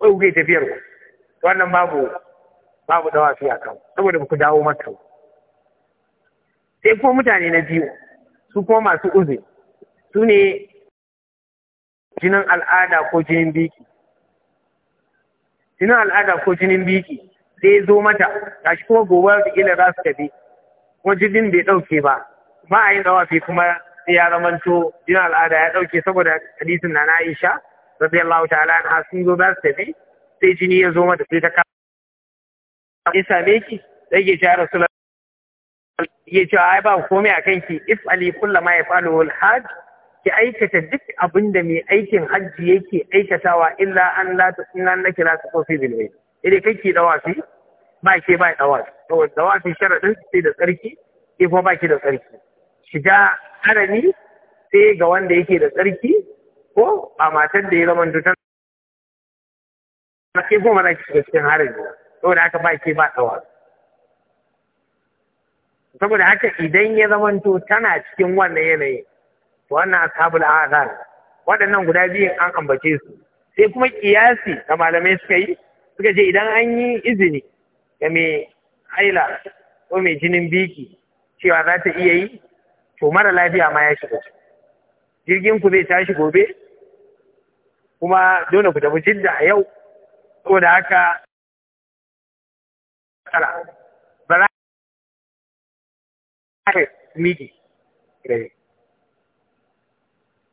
wai kuke tafiyar ku wannan babu babu dawafi a kan saboda ba ku dawo maka sai kuma mutane na biyu su kuma masu uzi su ne jinin al'ada ko jinin biki jinin al'ada ko jinin biki sai zo mata gashi kuma gobe da ila za su tafi kuma jirgin bai dauke ba ba a yin dawafi kuma sai ya zamanto jinin al'ada ya dauke saboda hadisin na na Aisha radiyallahu ta'ala anha sun zo za su tafi sai jini ya zo mata sai ta kama ya same ki sai ke cewa rasul ya cewa ai ba komai akan ki if ali kullu ma yafalu al hajj ki aikata duk abin da mai aikin hajji yake aikatawa illa an la ta inna annaki la tuqfi bil bayt idan kake dawafi ba ke ba dawafi dawafi sharadin sai da tsarki ke kuma ba ki da tsarki shiga harami sai ga wanda yake da tsarki ko a matar da ya zama tutan na kifin goma shiga cikin harin ba saboda haka ba ke ba tsawa saboda haka idan ya zama to tana cikin wannan yanayi to wannan ashabul azar waɗannan guda biyun an ambace su sai kuma kiyasi da malamai suka yi suka je idan an yi izini ga mai haila ko mai jinin biki cewa za ta iya yi to mara lafiya ma ya shiga jirgin ku zai tashi gobe kuma dole ku tafi jidda a yau ko da haka tsara ba za a miki gari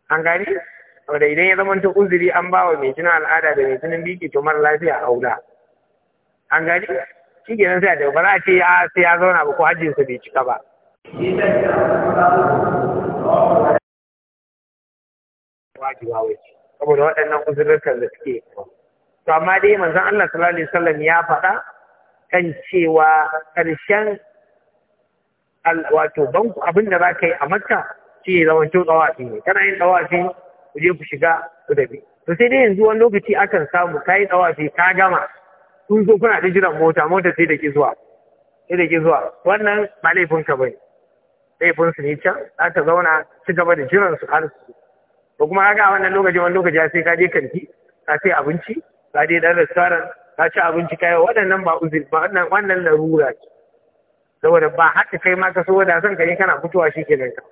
an gani wadda idan ya zama ta uzuri an ba wa mai jinin al'ada da mai jinin miki to mara lafiya a wula an gani shi ke nan sai a ba za a ce sai ya zauna ba ko hajjinsa bai cika ba wajiba wace saboda waɗannan uzurrukan da suke to amma dai manzon Allah sallallahu alaihi wasallam ya faɗa kan cewa ƙarshen wato banku abin da za ka yi a makka shi ne zamanto tsawafi ne kana yin tsawafi ku je ku shiga ku dabi to sai dai yanzu wani lokaci akan samu ka yi tsawafi ka gama kun zo kuna da jiran mota mota sai da ke zuwa sai da ke zuwa wannan ba laifin ka bane laifin ne can za ta zauna ci gaba da jiran su har su ko kuma haka a wannan lokaci wani lokaci sai ka je kanti ka sai abinci ka je dan restaurant ka ci abinci ka yi waɗannan ba uzur ba wannan wannan larura ce saboda ba haka kai ma ka so da son ka kana fitowa shi ke nan ka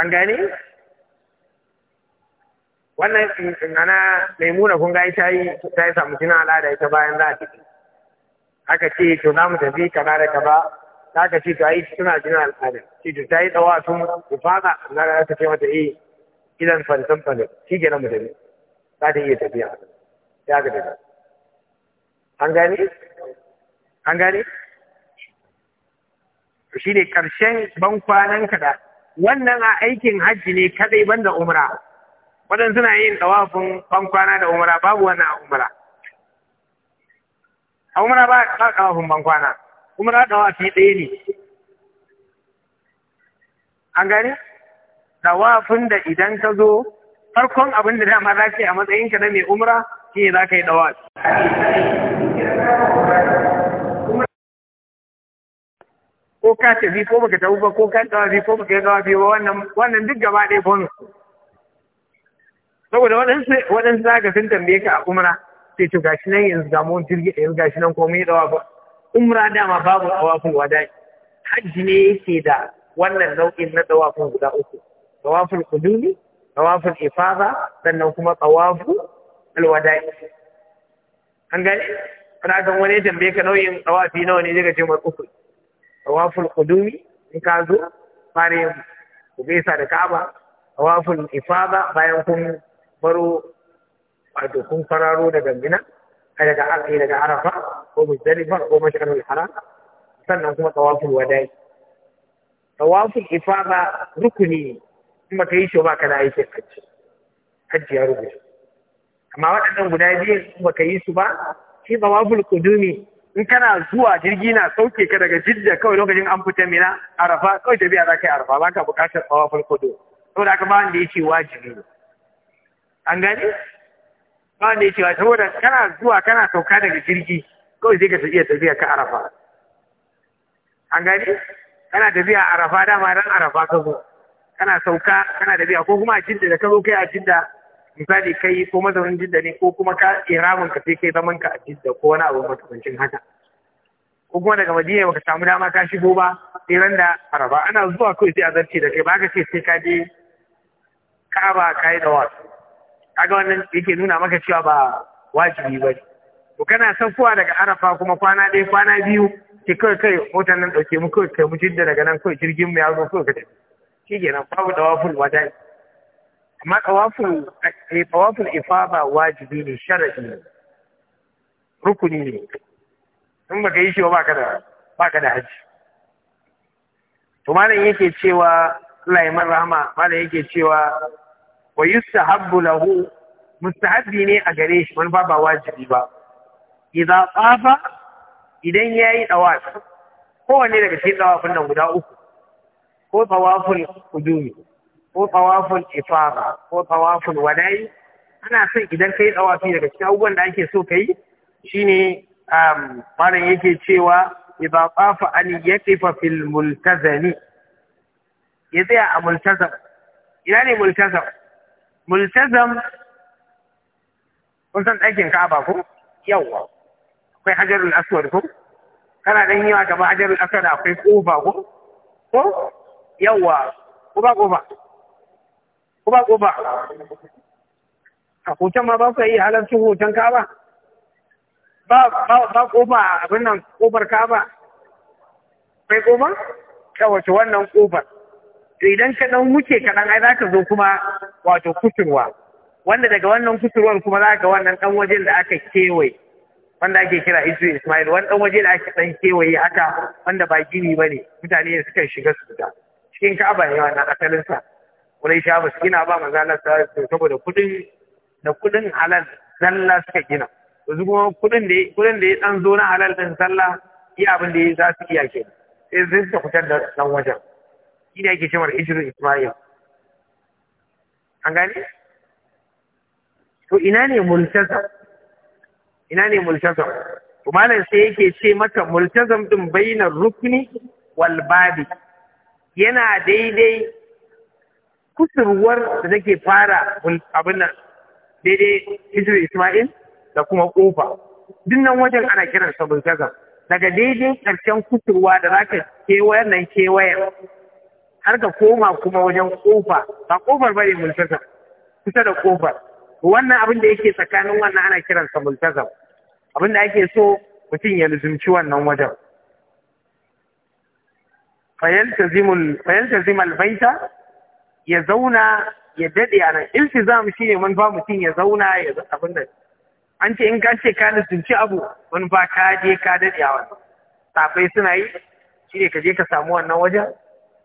an gane wannan nana mm, muna kun ga ita yi ta yi samu jina al'ada ita bayan za a ciki aka ce to za mu tafi kaza da kaza ta ka ce to yi suna jin al'ada ce ta yi tsawa sun fada na ga ta ce mata eh idan fantan fane shi ke nan mutane za ta iya tafiya ya ga daga an gane an gane shi ne ƙarshen ban kwanan kaɗa wannan a aikin hajji ne kadai ban da umra waɗansu suna yin ɗawafin ban kwana da umra babu wannan a umra a umra ba ɗawafin ban kwana kuma na dawafi ɗaya ne an gane dawafin da idan ka zo farkon abin da dama za ka yi a matsayinka na mai umra shi ne za ka yi dawafi ko ka tafi ko baka tafi ba ko ka tafi ko baka yi tafi ba wannan duk gaba ɗaya bonus saboda waɗansu waɗansu za ka sun tambaye ka a umra sai to gashi nan yanzu ga mun jirgi yanzu gashi nan komai dawa ba umra dama babu tawafin wada'i hajji ne yake da wannan nau'in na tawafin guda uku tawafin kuduni tawafin ifada sannan kuma tawafu alwada'i an gane kana kan wani tambaye ka nau'in tawafi nawa ne daga jimar uku tawafin kuduni in ka zo fare ku gaisa da ka'aba tawafin ifada bayan kun baro wato kun fararo daga mina daga daga arafa ko muzdalifa ko mash'arul haram sannan kuma tawaful wada'i tawaful ifada rukuni kuma kai shi ba kana yake hajji hajji ya rubuta amma waɗannan guda biyu ba ka yi su ba shi tawaful qudumi in kana zuwa jirgi na sauke ka daga jidda kawai lokacin an fita mina arafa kawai tafiya za ka yi arafa ba ka buƙatar tawaful qudumi saboda haka ba wanda ya ce wajibi ne an gani? ba wanda ya ce wajibi saboda kana zuwa kana sauka daga jirgi kawai sai ka iya tafiya ka arafa an gani kana tafiya arafa dama dan arafa ka zo kana sauka kana tafiya ko kuma a jinda da ka zo kai a jinda misali kai ko mazaunin jinda ne ko kuma ka iramin ka sai kai zaman ka a jinda ko wani abu makamancin haka ko kuma daga madina baka samu dama ka shigo ba sai ran da arafa ana zuwa kawai sai a zarce da kai ba ka ce sai ka je ka'aba ka yi da wasu kaga wannan yake nuna maka cewa ba wajibi ba ne to kana safuwa daga arafa kuma kwana ɗaya kwana biyu ki kai kai motar nan ɗauke mu kai kai mu jidda daga nan kai jirgin mu ya zo kai ka tafi shi kenan babu tawaful wajen amma tawaful eh, tawaful ba wajibi ne sharadi ne rukuni ne in baka yi shi ba ka da baka da haji to malam yake cewa Allah ya rahama malam yake cewa wa yustahabbu lahu mustahabbi ne a gare shi Wani ba ba wajibi ba idza tsafa idan yayi dawaf kowanne daga cikin dawafin nan guda uku ko tsawafin qudumi ko tsawafin ifara ko tsawafin wada'i ana son idan yi tsawafi daga cikin abubuwan da ake so ka yi, shine um malam yake cewa idza tsafa an yaqifa fil multazami ya tsaya a multazam ina ne multazam multazam kun san ɗakin ba ko yawwa akwai hajarul aswad ko kana dan yawa gaba hajarul aswad akwai kofa ko ko yawa kofa Ko ba kofa a hoton ma ba ku yi halarcin hoton kaba ba ba ba kofa abin nan kofar kaba akwai kofa ta wace wannan kofar idan ka dan wuce ka dan ai ka zo kuma wato kusurwa wanda daga wannan kusurwar kuma za ga wannan dan wajen da aka kewaye wanda ake kira isu ismail wani ɗan waje da ake ɗan kewaye haka wanda ba gini ba ne mutane suka shiga su fita cikin ka'aba ne wannan asalinsa wani sha ba su gina ba manzalar sa saboda kuɗin da kuɗin halal zalla suka gina yanzu kuma kuɗin da kuɗin da ya ɗan zo na halal ɗin sallah iya abin da za su iya ke sai sai ta fitar da ɗan wajen shi ne ake cewa isu ismail an gane to ina ne multazam ina ne multazam to malam sai yake ce maka multazam din bainar rukni wal babi yana daidai kusurwar da take fara abin nan daidai hijir Ismail da kuma kofa nan wajen ana kiransa multazam daga daidai karshen kusurwa da zaka kewayar nan kewayar har ka koma kuma wajen kofa ba kofar ne multazam kusa da kofar wannan abin da yake tsakanin wannan ana kiransa multazam abin da ake so mutum ya luzumci wannan wajen fayaltazim albaita ya zauna ya daɗe a nan shi ne manufa mutum ya zauna ya abin abinda an ce in ka ce ka luzumci abu manufa ka je ka daɗe a wannan safai suna yi shi ne ka je ka samu wannan wajen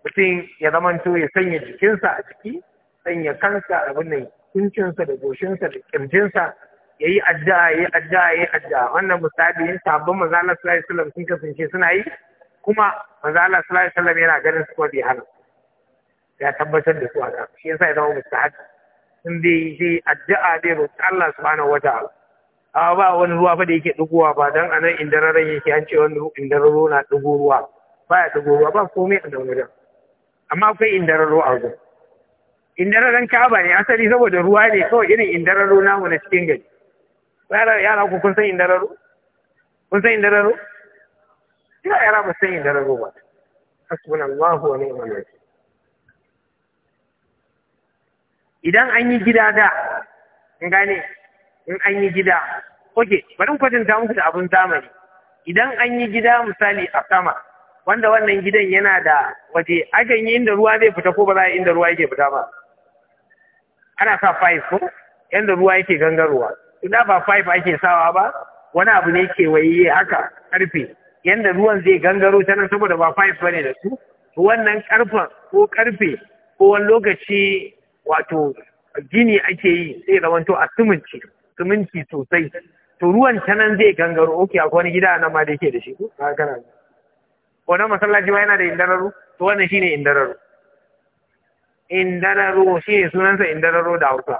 mutum ya zamanto ya sanya jikinsa a ciki sanya kansa abin nan kuncinsa da goshinsa da kirjinsa ya yi addu'a ya yi addu'a ya yi addu'a wannan misali yin sabon maza Allah sallallahu alaihi wasallam sun kasance suna yi kuma maza Allah sallallahu alaihi wasallam yana ganin su ko bai hana ya tabbatar da su a kan shi yasa ya zama mustahab sun dai dai addu'a dai roƙi Allah subhanahu ta'ala amma ba wani ruwa fa da yake dugowa ba dan anan indararen yake an ce wani indararo na dugo ruwa ba ya dugo ruwa ba komai a dauna da amma akwai indararo a gurin indararen Ka'aba ne asali saboda ruwa ne kawai irin indararo namu na cikin gari yara yara ku kun san indararo kun san indararo ina yara ba san indararo ba hasbunallahu wa ni'mal wakeel idan an yi gida da in gane in an yi gida oke bari in kwatanta muku da abun zamani idan an yi gida misali a sama wanda wannan gidan yana da waje akan yi inda ruwa zai fita ko ba za a inda ruwa yake fita ba ana sa fayif ko yanda ruwa yake gangarowa ina ba five ake sawa ba wani abu ne kewaye haka karfe yanda ruwan zai gangaro ta nan saboda ba five bane da su wannan karfen ko karfe ko wani lokaci wato gini ake yi sai rawanto a siminti siminti sosai to ruwan ta nan zai gangaro ok akwai wani gida nan ma da yake da shi ko ne. Wani masallaci ma yana da indararo to wannan shine indararo indararo shine sunansa indararo da Hausa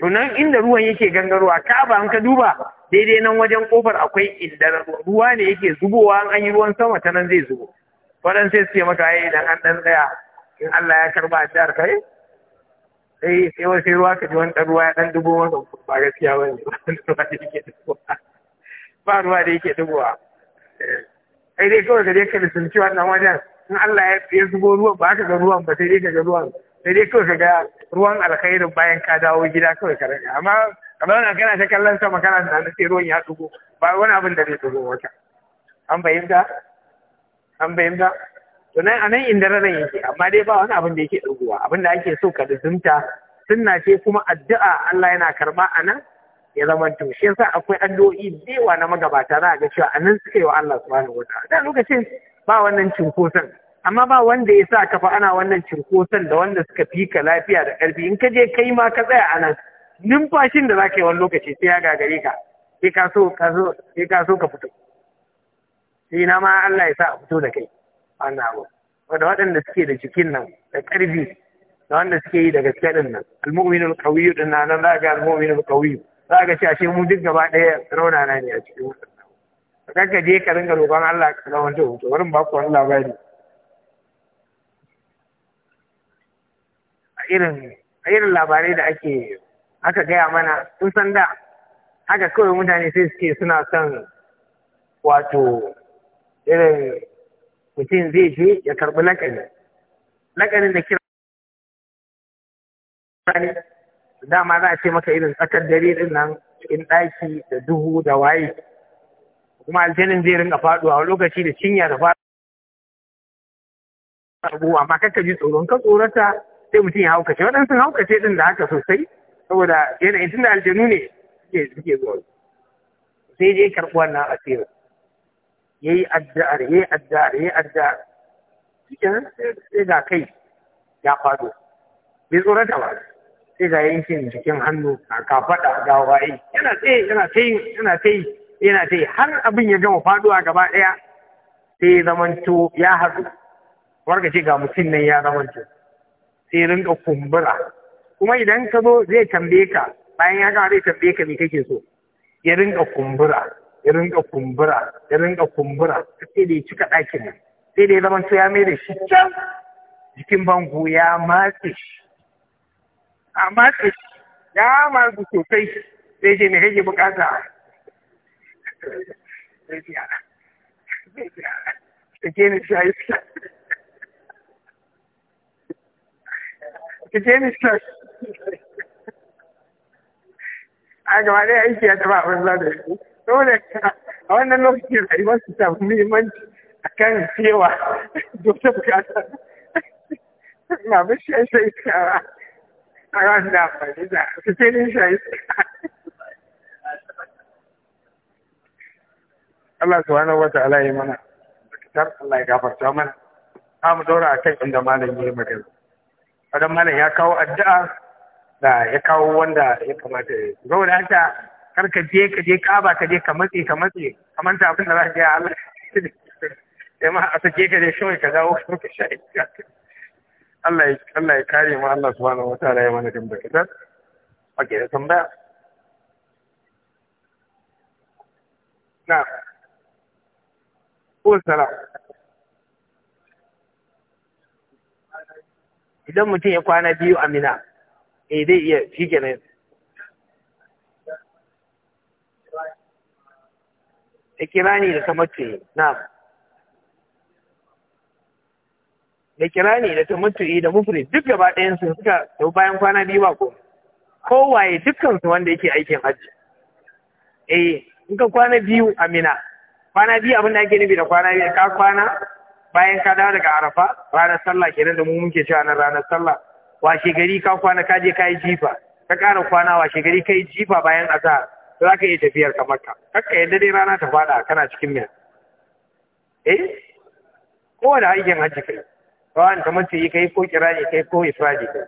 to nan inda ruwan yake gangarowa ka'aba an ka duba daidai nan wajen kofar akwai inda ruwa ne yake zubowa an an yi ruwan sama ta nan zai zubo Faransai sai su ce maka ai idan an dan tsaya in Allah ya karba addu'ar kai eh? sai sai wai sai ruwa ka ji wani ruwa ya dan dubo maka ba gaskiya ba ne ba ruwa da yake dubowa eh, ai dai kawai ka je ka lissanci wannan wajen in Allah ya zubo ruwan ba ka ga ruwan ba sai dai ka ga ruwan sai dai kawai ga ruwan alkhairin bayan ka dawo gida kawai ka rage amma kamar wannan kana ta kallon sama kana tunanin sai ruwan ya dugo ba wani abin da zai dugo wata an fahimta an fahimta to nan anan inda ranar yake amma dai ba wani abin da yake dugowa abin da ake so ka duzumta sunna ce kuma addu'a Allah yana karba anan ya zama to shi yasa akwai addu'o'i da yawa na magabata za a ga cewa anan suka yi wa Allah subhanahu wataala da lokacin ba wannan cinkoson amma ba wanda ya sa kafa ana wannan cinkoson da wanda suka fi ka lafiya da ƙarfi in ka je kai ma ka tsaya a nan numfashin da za ka yi wani lokaci sai ya gagare ka sai ka so ka sai fito sai na ma Allah ya sa a fito da kai wannan abu wanda waɗanda suke da cikin nan da ƙarfi da wanda suke yi da gaske ɗin nan al-mu'minul qawiyyu din nan za ga al-mu'minul qawiyyu za ga cewa shi mu duk gaba ɗaya raunana ne a cikin wannan ka je ka ringa roƙon Allah ka zama hoto wurin ba ku wani labari a irin irin labarai da ake aka gaya mana sun san da haka kawai mutane sai suke suna son wato irin mutum zai je ya karbi lakani lakanin da kira ne dama za a ce maka irin tsakar dare din nan cikin ɗaki da duhu da waye kuma aljanin zai rinka faɗuwa a lokaci da cinya da faɗuwa amma kakka ji tsoron ka tsorata sai mutum ya haukace waɗansu haukace ɗin da haka sosai saboda yanayin tun da aljanu ne suke zuwa sai je karɓi wannan asirin ya yi addu'ar ya yi addu'ar ya yi addu'ar cikin sai ga kai ya faɗo bai tsorata ba sai ga yankin jikin hannu a kafaɗa ga waye yana tsaye yana ta yi yana ta yi yana ta yi har abin ya gama faɗuwa gaba ɗaya sai ya zamanto ya haɗu warga ce ga mutum nan ya zamanto sai rinka kumbura kuma idan ka zo zai tambaye ka bayan ya gama zai tambaye ka me kake so ya rinka kumbura ya rinka kumbura ya rinka kumbura sai da ya cika ɗakin nan sai da ya zama ya mai da shi can jikin bango ya matse shi a matse shi ya matse sosai sai ce me kake bukata sai ce ke ni shi a yi ki je ni stock a gaba dai aiki ya taba abin za da shi dole a wannan lokacin rayuwar su samu muhimmanci a kan cewa dole bukata na bishi ya sai iska a ran da amfani da su je ni shi Allah subhanahu wa ta'ala ya mana da Allah ya gafarta mana za mu daura akan inda malam ya yi magana wajen malam ya kawo addu'a da ya kawo wanda ya kamata ya Zau da haka kar ka je ka je kaba ka je ka matse ka matse ka manta abin da za ka a Allah sai ma a sake ka je shawai ka dawo ka sha Allah ya Allah ya kare mu Allah subhanahu wataala ya mana dimba kidan Oke da tambaya na ko sala. idan mutum ya kwana biyu a mina eh zai iya shi kenan ikirani da tamattu'i na, da kirani eh, da tamattu'i da mufri duk gaba ɗayan su suka tau bayan kwana biyu ba ko kowaye dukkan su wanda yake aikin hajji eh in ka kwana biyu a mina kwana biyu abin da ake nufi da kwana biyu ka kwana bayan ka dawo daga arafa ranar sallah kenan da mu muke cewa nan ranar sallah washe gari ka kwana ka je ka yi jifa ka ƙara kwana washe gari ka yi jifa bayan azhar to za ka iya tafiyar ka makka kakka yadda dai rana ta faɗa kana cikin mai eh da aikin hajji kai rawan ta mace yi kai ko kirani kai ko ifradi kai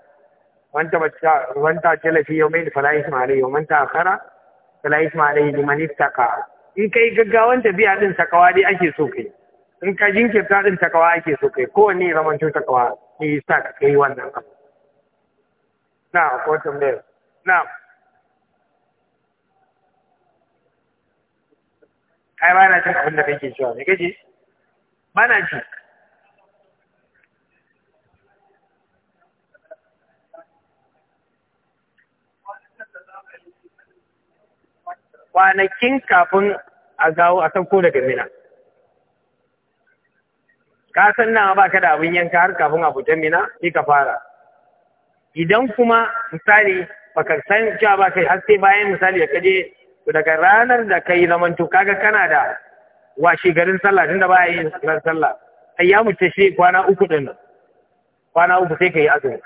wanta bacca wanta talafi yau mai fala isma alai yau manta akara fala isma alai liman istaka in kai gaggawan tafiya din sakawa dai ake so kai in ka jinkirta din takawa ake so kai kowanne zaman to takawa shi sa ka kai wannan abu na ko tambayar na ai ba na cin abin da kake cewa me kace ba na ci kwanakin kafin a gawo a sauko daga mina ka san nawa baka da abin yanka har kafin a fita mina sai ka fara idan kuma misali baka san cewa ba kai har sai bayan misali da kaje daga ranar da kai to kaga kana da washi garin sallah tunda ba yin ran sallah ayyamu shi kwana uku din kwana uku sai kai azumi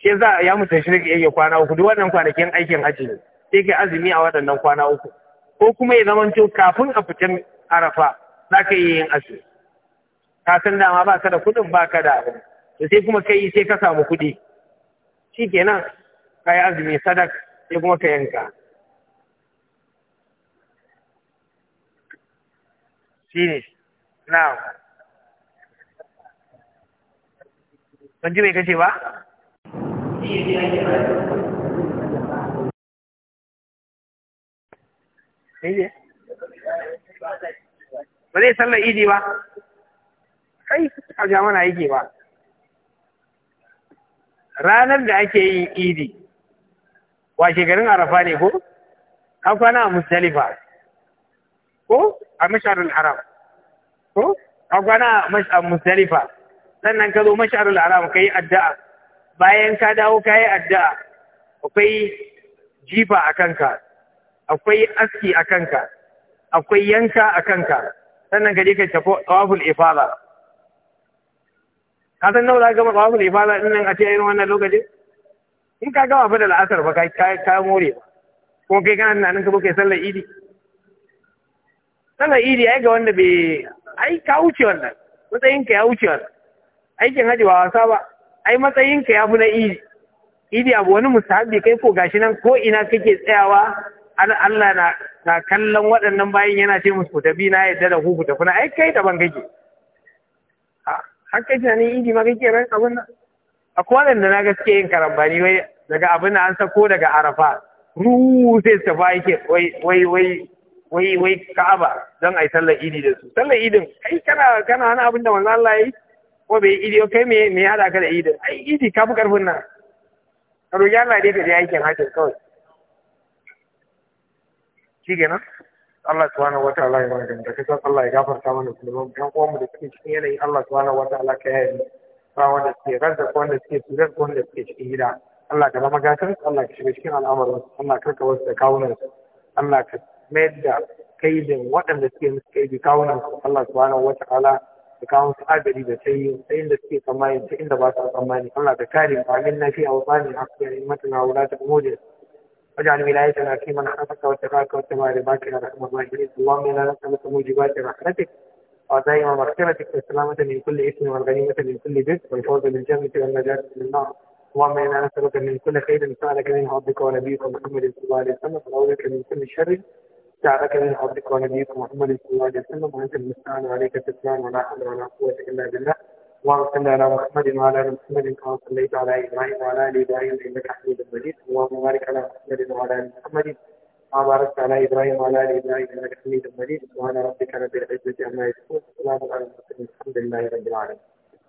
ke za ya mutu shi ne yake kwana uku duk wannan kwanakin aikin haji ne sai kai azumi a waɗannan kwana uku ko kuma ya to kafin a fita arafa za ka yi yin azumi ka san dama ba ka da kuɗin ba ka da abu to sai kuma kai sai ka samu kuɗi shi kenan ka yi azumi sadak sai kuma ka yanka Finish, na ban ji bai kace ba ba zai sallar idi ba kai a mana yake ba ranar da ake yin idi wa shekarun arafa ne ko an kwana a musdalifa ko a masharul haram ko an kwana a musdalifa sannan ka zo masharul haram ka yi addu'a bayan ka dawo ka yi addu'a akwai jifa a kanka akwai aski a kanka akwai yanka a kanka sannan ka je ka tafi tsawafin ifada ka san nawa za ka gama tsawafu ne fa din nan a ce irin wannan lokacin in ka gama fa da la'asar ba ka ka more ba Ko kai kana nan ka kai sallar idi sallar idi ai ga wanda bai ai ka wuce wannan matsayin ka ya wuce wannan aikin haji ba wasa ba ai matsayin ka ya fi na idi idi abu wani musahabi kai ko gashi nan ko ina kake tsayawa Allah na kallon waɗannan bayan yana ce musu ku tafi na yadda da ku ku tafi na ai kai daban kake har kai tunanin idi ma kake ran abin nan akwai da na gaske yin karambani wai daga abin da an sako daga arafa ruu sai su ba yake wai wai wai wai ka'aba don a yi sallar idi da su sallar idin kai kana kana wani abin da manzo Allah yi ko bai idi kai me me hada ka da idin ai idi ka fi karfin nan ka roki Allah dai ka je aikin hajji kawai shi kenan Allah subhanahu wa ta'ala ya magana da kasa Allah ya gafarta mana kullum ɗan uwanmu da suke cikin yanayi Allah subhanahu wa ta'ala ka yaye ba wanda suke ranza ko wanda suke tsirar wanda suke cikin gida Allah ka zama gatar Allah ka shiga cikin al'amuran Allah ka karka wasu da kawunan Allah ka mayar da kaidin waɗanda suke musu kaidi kawunan Allah subhanahu wa ta'ala ka kawo su agari da sai ta inda suke tsammani ta inda ba su tsammani Allah ka kare mu amin na fi awsani hakka mata matana wala ta mujis واجعل ولايتنا في من خافك واتبعك واتبع رضاك يا الله الراحمين اللهم انا نسالك موجبات رحمتك ودائما مغفرتك والسلامة من كل إثم والغنيمة من كل بيت والفوز بالجنة والنجاة من النار اللهم إنا نسألك من كل خير سألك منه عبدك ونبيك محمد صلى الله عليه وسلم ونعوذك من كل شر سألك منه عبدك ونبيك محمد صلى الله عليه وسلم وأنت المستعان عليك التسليم ولا حول ولا قوة إلا بالله اللهم صل على محمد وعلى ال محمد كما صليت على ابراهيم وعلى ال ابراهيم انك حميد مجيد اللهم بارك على محمد وعلى ال محمد كما باركت على ابراهيم وعلى ال ابراهيم انك حميد مجيد سبحان ربك رب العزه عما يصفون وسلام على المرسلين الحمد لله رب العالمين